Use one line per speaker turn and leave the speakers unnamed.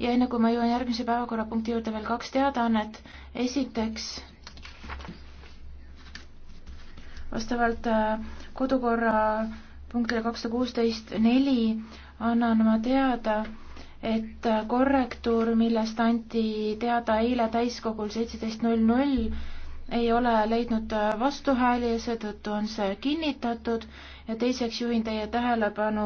ja enne kui ma jõuan järgmise päevakorrapunkti juurde veel kaks teadaannet. esiteks vastavalt äh, kodukorra punktile kakssada kuusteist neli annan ma teada, et äh, korrektuur, millest anti teada eile täiskogul seitseteist null null, ei ole leidnud äh, vastuhääli ja seetõttu on see kinnitatud ja teiseks juhin teie tähelepanu